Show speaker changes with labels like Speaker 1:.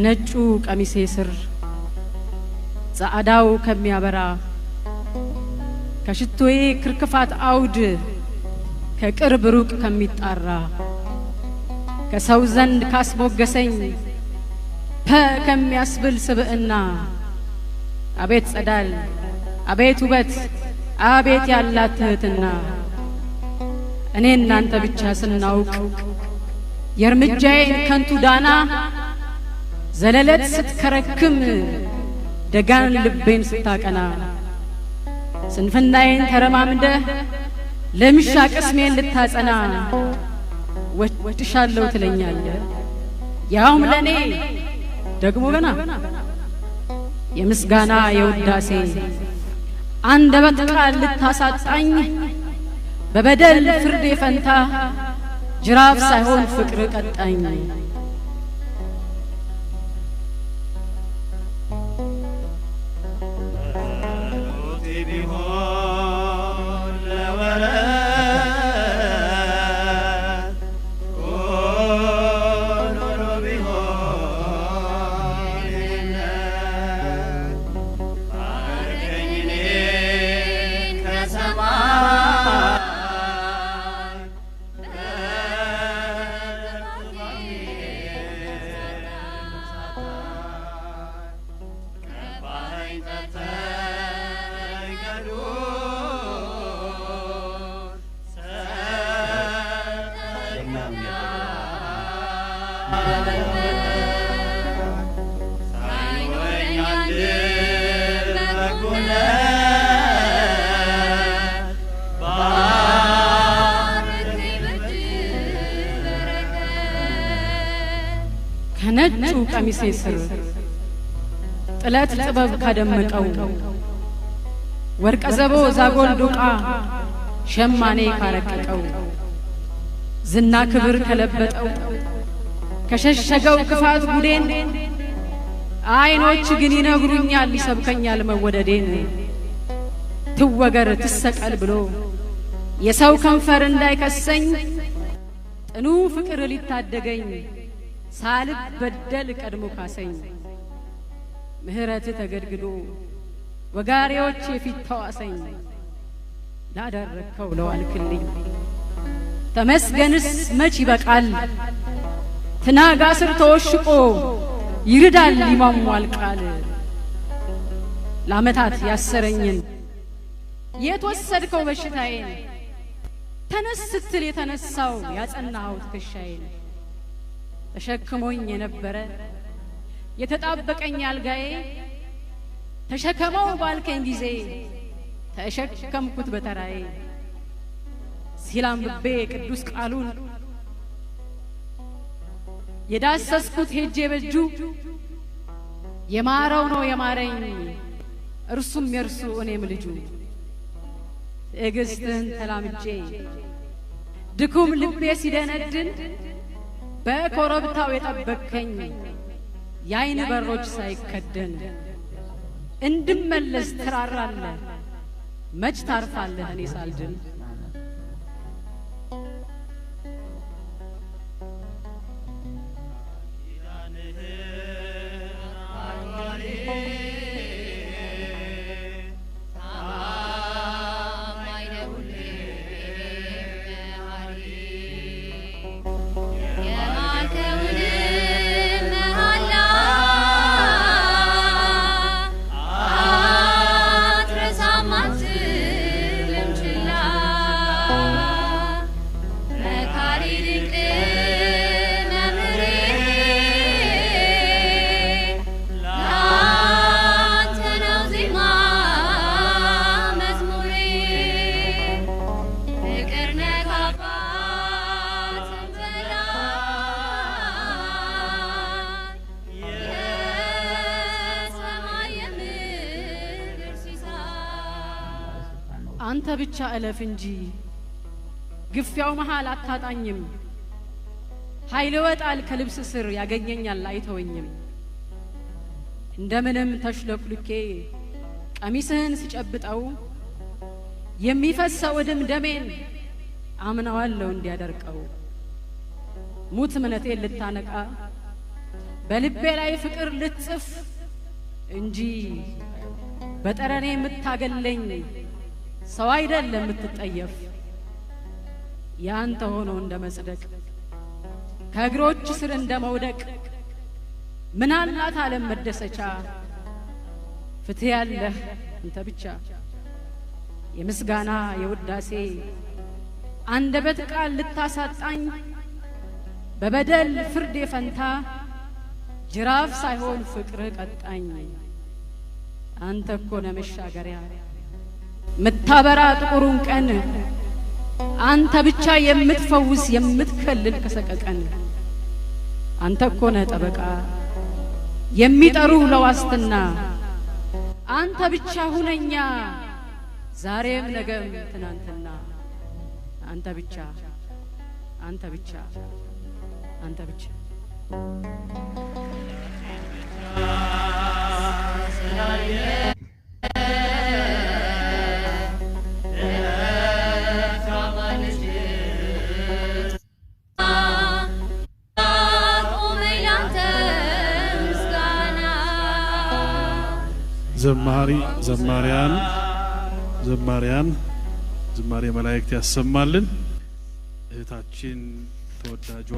Speaker 1: ከነጩ ቀሚሴ ስር ጸአዳው ከሚያበራ ከሽቶዬ ክርክፋት አውድ ከቅርብ ሩቅ ከሚጣራ ከሰው ዘንድ ካስሞገሰኝ ፐ ከሚያስብል ስብዕና አቤት ጸዳል አቤት ውበት አቤት ያላት ትህትና እኔ እናንተ ብቻ ስናውቅ የእርምጃዬን ከንቱ ዳና ዘለለት ስትከረክም ደጋን ልቤን ስታቀና ስንፍናዬን ተረማምደህ ለምሻ ቅስሜን ልታጸና ወድሻለሁ ትለኛለ ያውም ለእኔ ደግሞ ገና የምስጋና የውዳሴ አንደበት ቃል ልታሳጣኝ በበደል ፍርድ የፈንታ ጅራፍ ሳይሆን ፍቅር ቀጣኝ ከነጩ ቀሚሴ ስር ጥለት ጥበብ ካደመቀው ወርቀ ዛጎል ዶቃ ሸማኔ ካረቀቀው ዝና ክብር ከለበጠው ከሸሸገው ክፋት ጉዴን አይኖች ግን ይነግሩኛል ይሰብከኛል መወደዴን ትወገር ትሰቀል ብሎ የሰው ከንፈር እንዳይከሰኝ ጥኑ ፍቅር ሊታደገኝ ሳልብ በደል ቀድሞ ካሰኝ ምህረት ተገድግዶ ወጋሪዎች የፊት ተዋሰኝ ላደረግከው ለዋልክልኝ ተመስገንስ መች ይበቃል ትናጋ ስር ተወሽቆ ይርዳል ሊማሟል ቃል ለዓመታት ያሰረኝን የተወሰድከው በሽታዬን ተነስ ስትል የተነሳው ያጸናኸው ትከሻዬን ተሸክሞኝ የነበረ የተጣበቀኝ አልጋዬ ተሸከመው ባልከኝ ጊዜ ተሸከምኩት በተራዬ ሲላምብቤ ቅዱስ ቃሉን የዳሰስኩት ሄጄ በእጁ የማረው ነው የማረኝ እርሱም የእርሱ እኔም ልጁ ትዕግስትህን ተላምጄ ድኩም ልቤ ሲደነድን በኮረብታው የጠበከኝ የአይን በሮች ሳይከደን እንድመለስ ትራራለህ፣ መች ታርፋለህ እኔ ሳልድን አንተ ብቻ እለፍ እንጂ ግፊያው መሃል አታጣኝም። ኃይል ወጣል ከልብስ ስር ያገኘኛል አይተወኝም። እንደምንም ተሽለኩልኬ ቀሚስህን ሲጨብጠው! የሚፈሰው ድም ደሜን አምነዋለሁ እንዲያደርቀው ሙት እምነቴን ልታነቃ በልቤ ላይ ፍቅር ልትጽፍ እንጂ በጠረኔ የምታገለኝ ሰው አይደል የምትጠየፍ ያንተ ሆኖ እንደ መጽደቅ ከእግሮች ስር እንደ መውደቅ ምናልናት ዓለም መደሰቻ ፍትህ ያለህ አንተ ብቻ የምስጋና የውዳሴ አንደበት ቃል ልታሳጣኝ በበደል ፍርድ የፈንታ ጅራፍ ሳይሆን ፍቅር ቀጣኝ። አንተ እኮ ነመሻገሪያ። መሻገሪያ ምታበራ ጥቁሩን ቀን አንተ ብቻ የምትፈውስ የምትከልል ከሰቀቀን አንተ ኮነ ጠበቃ የሚጠሩ ለዋስትና አንተ ብቻ ሁነኛ ዛሬም ነገም ትናንትና አንተ ብቻ አንተ ብቻ አንተ ብቻ ዘማሪ ዘማሪያን ዘማሪያን ዝማሬ መላእክት ያሰማልን። እህታችን ተወዳጇ